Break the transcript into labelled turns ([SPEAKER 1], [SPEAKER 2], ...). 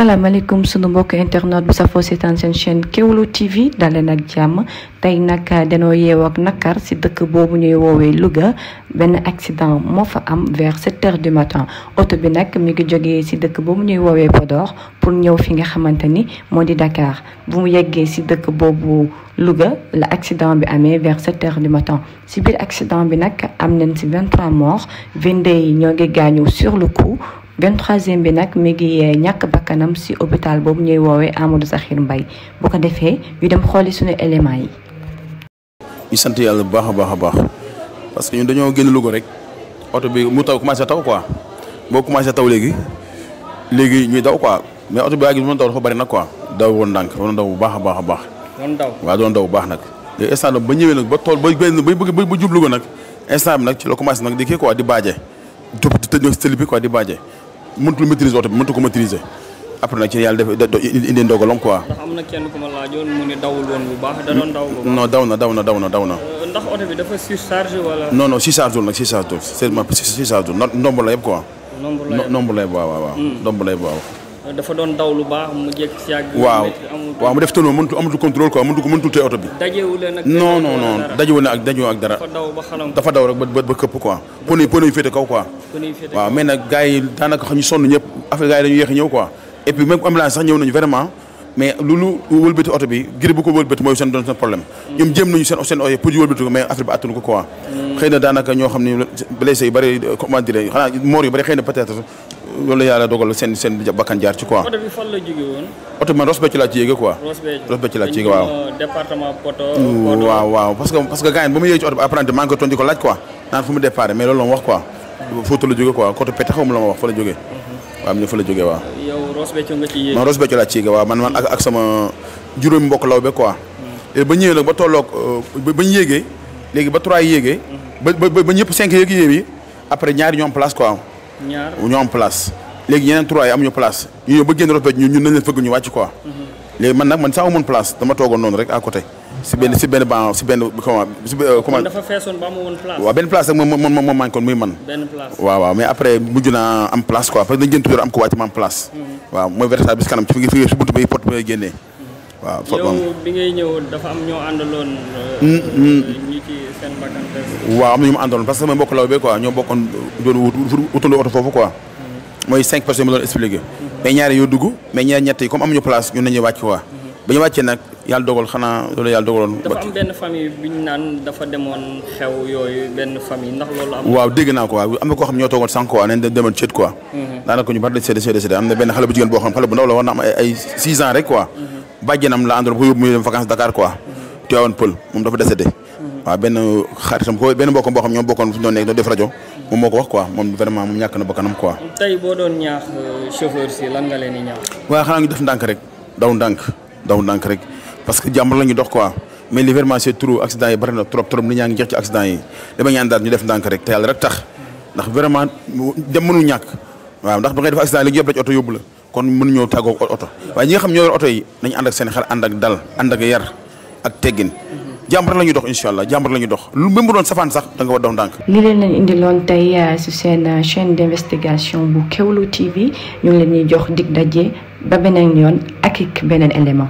[SPEAKER 1] alaykum sunu mbokk internet bi safoo seetaan sen chaîne kewlo TV dans ak jàmm tay nak dano yeew ak nakar si dëkk bobu ñuy wowe Louga ben accident moo am vers 7 h du matin auto bi nak mi ngi joggé si dëkk bobu ñuy wowe Podor pour ñew fi nga xamanteni modi Dakar bu mu yeggee si dëkk bobu Louga L'accident bi amé vers 7 h du matin si bir accident bi nak am nañ 23 morts 22 yi ñoo sur le coup. 23e bi nag mi ngi ñàkk bakkanam ci hôpital boobu ñuy woowee Amadou Sakhir Mbaye bu ko defee ñu dem xooli suñu éléments yi.
[SPEAKER 2] ñu sant yàlla bu baax a baax a baax parce que ñun dañoo génn Louga rek oto bi mu taw commencé taw quoi boo commencé taw léegi léegi ñuy daw quoi mais oto bi waa gi doon daw dafa bari nag quoi daw woon ndànk doon daw bu baax a baax a baax. doon daw waaw doon daw baax nag. léegi instant ba ñëwee nag ba tool ba benn ba ba ba jub Louga nag instant bi nag ci la commencé nag di kii quoi di baaje jub di di baaje mëntul maîtriser oto bi mëntu ko maîtriser après nag ci yàlla def indi ndogalam quoi.
[SPEAKER 3] ndax kenn ku ma laajoon mu ne daw na
[SPEAKER 2] daw na daw na daw na. Euh,
[SPEAKER 3] ndax oto bi dafa surcharge wala. non non
[SPEAKER 2] surcharge wul nag surcharge wul quoi. ndomb la yëpp ndomb la la yëpp waaw. Hmm. Euh,
[SPEAKER 3] doon daw lu baax mu jékki si ak. waaw waaw mu def tënoo
[SPEAKER 2] mënut amatul contrôle quoi mënut ko mënut bi. dajewu leen ak non dajewu na ak dajewu ak dara. dafa daw ba rek ba ba këpp quoi. pneu yi pneu yi féete kaw quoi waaw mais nag daanaka xam ñu sonn ñëpp affaire gars ñëw quoi et puis même ambulance sax ñëw nañu vraiment mais loolu wëlbati oto bi giri ko wëlbati mooy seen doon seen problème ñoom jéem nañu seen seen oto pour ñu mais affaire bi attanu ko quoi daanaka ñoo xam ne blessé yu bëri loolu yàlla dogal seen seen jaar ci quoi. oto
[SPEAKER 3] bi fan la jóge
[SPEAKER 2] woon. ci yéege quoi. parce que parce ba mu yéege ci oto bi apparemment maa ngi ko tontu ko laaj Fouta la jóge quoi côté Pete xaw ma la ma wax fa la jógee. waaw am na fa la jógee waaw.
[SPEAKER 3] man Ross Béthio
[SPEAKER 2] laa ciy yéeg man man ak sama juróomi mbokk law be quoi. ba ñëwee nag euh, ba ba ñu yéegee léegi ba trois yéegee. ba ba ba ñëpp cinq yéeg yéeg yi après ñaari ñoo am place quoi. ñaar ñoo am place. léegi yeneen trois yi amuñu place ñu ñëw ba génn Ross Béthio ñun nañ leen fëgg ñu wàcc quoi. Mhm. léegi man nag man sax amoon place dama toogoon noonu rek à côté si benn si benn ban si benn comment. si euh, comment dafa
[SPEAKER 3] feesoon ba amoon place. waaw benn place nag
[SPEAKER 2] moom moom moom manqué woon muy man. benn place waaw waaw mais après mujj naa am place quoi parce que dañu jënd toujours am ko wàcc ma am place. Mm-hmm. waaw mooy versage bi si kanam fi fi si buntu bi porte bi génnee. Mm-hmm. waaw foofu yow
[SPEAKER 3] bi ngay ñëw dafa am ñoo àndaloon. Euh,
[SPEAKER 2] mm-hmm. ñu
[SPEAKER 3] ci seen bakkan waaw am na ñu
[SPEAKER 2] ma àndaloon parce que sama mbokk law bi quoi ñoo bokkoon doon wut wutandoo oto foofu quoi. mooy cinq personnes ma doon expliqué. mais ñaari yoo dugg mais ñaari ñett yi comme amuñu place ñun nañu wàcc quoi ba ñu wàccee nag yàlla dogal xanaa loolu yàlla dafa
[SPEAKER 3] am benn famille bu naan dafa demoon xew yooyu benn famille ndax loolu am. waaw
[SPEAKER 2] dégg ko am na koo xam ñoo toogoon sànq quoi nañ demoon ceet quoi. daanaka ñu bari dañ seede seede boo xam xale bu ndaw la war na mhm. mhm. Pël moom dafa décédé. Mhm. waaw benn xaritam ko benn mbokkam boo xam ñoom bokkoon fu ñu def rajo moom moo wax quoi moom vraiment moom ñàkk na bakkanam quoi.
[SPEAKER 3] tey boo doon ñaax euh, chauffeur si lan
[SPEAKER 2] nga daw dank rek parce que jamm lañu dox quoi mais l'hiver ma c'est trop accident yi bari na trop trop ni ñang ngi ci accident yi dama ñaan daal ñu def dank rek te yàlla rek tax ndax vraiment dem mënu ñak waaw ndax ba ngay def accident li ñu la ci auto yobul kon mënu ñoo tagoo auto waaye ñi nga xam ñoo auto yi nañ and ak seen xel and ak dal and ak yar ak teggin jambar lañu dox inshallah jambar lañu dox lu même doon safaan sax da nga wadon dank
[SPEAKER 1] li leen leen indi lon tay ci euh, seen euh, chaîne d'investigation bu Kewlu TV ñu leen ñi jox dig daje ba beneen yoon ak beneen élément